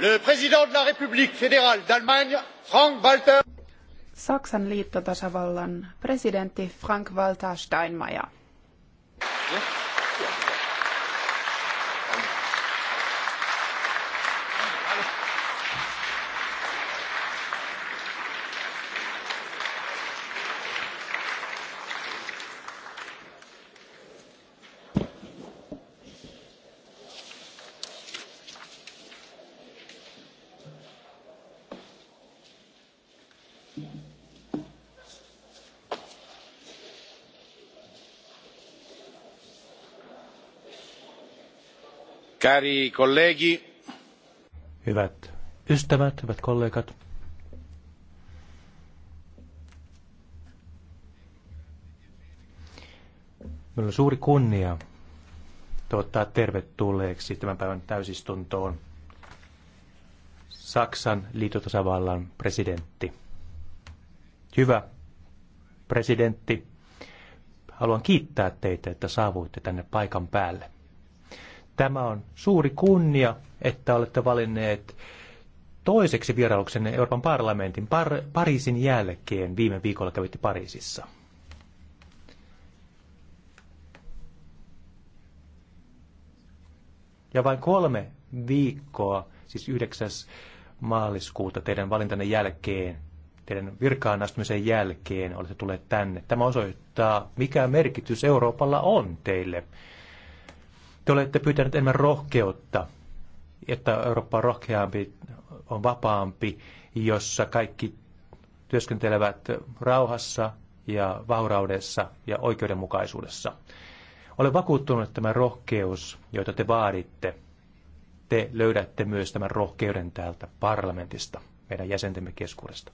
Le président de la République fédérale d'Allemagne, Frank Walter. Saksan liittotasavallan presidentti Frank-Walter Steinmeier. Cari colleghi. Hyvät ystävät, hyvät kollegat. Minulla on suuri kunnia toivottaa tervetulleeksi tämän päivän täysistuntoon Saksan liitotasavallan presidentti. Hyvä presidentti, haluan kiittää teitä, että saavuitte tänne paikan päälle. Tämä on suuri kunnia, että olette valinneet toiseksi vierailuksenne Euroopan parlamentin Par- Pariisin jälkeen. Viime viikolla kävitte Pariisissa. Ja vain kolme viikkoa, siis 9. maaliskuuta teidän valintanne jälkeen, teidän virkaan astumisen jälkeen olette tulleet tänne. Tämä osoittaa, mikä merkitys Euroopalla on teille te olette pyytäneet enemmän rohkeutta, että Eurooppa on rohkeampi, on vapaampi, jossa kaikki työskentelevät rauhassa ja vauraudessa ja oikeudenmukaisuudessa. Olen vakuuttunut, että tämä rohkeus, jota te vaaditte, te löydätte myös tämän rohkeuden täältä parlamentista, meidän jäsentemme keskuudesta.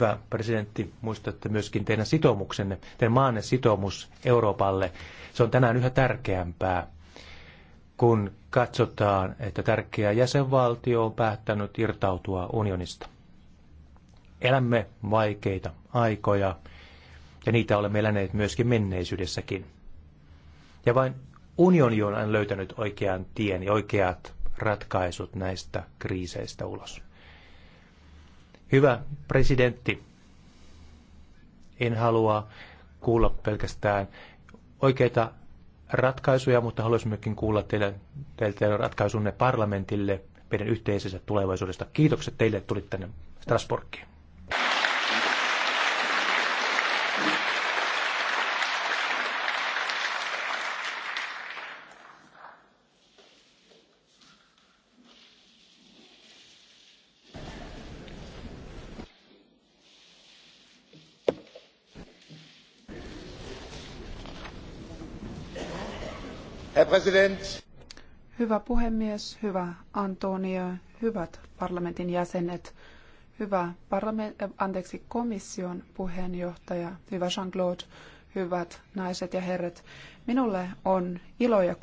hyvä presidentti, muistatte myöskin teidän sitoumuksenne, teidän maanne sitoumus Euroopalle. Se on tänään yhä tärkeämpää, kun katsotaan, että tärkeä jäsenvaltio on päättänyt irtautua unionista. Elämme vaikeita aikoja, ja niitä olemme eläneet myöskin menneisyydessäkin. Ja vain unioni on löytänyt oikean tien ja oikeat ratkaisut näistä kriiseistä ulos. Hyvä presidentti, en halua kuulla pelkästään oikeita ratkaisuja, mutta haluaisin myöskin kuulla teidän teiltä ratkaisunne parlamentille meidän yhteisessä tulevaisuudesta. Kiitokset teille, että tulitte tänne Strasbourgiin. Hyvä puhemies, hyvä Antonio, hyvät parlamentin jäsenet, hyvä parlament, äh, anteeksi, komission puheenjohtaja, hyvä Jean-Claude, hyvät naiset ja herrat. Minulle on ilo ja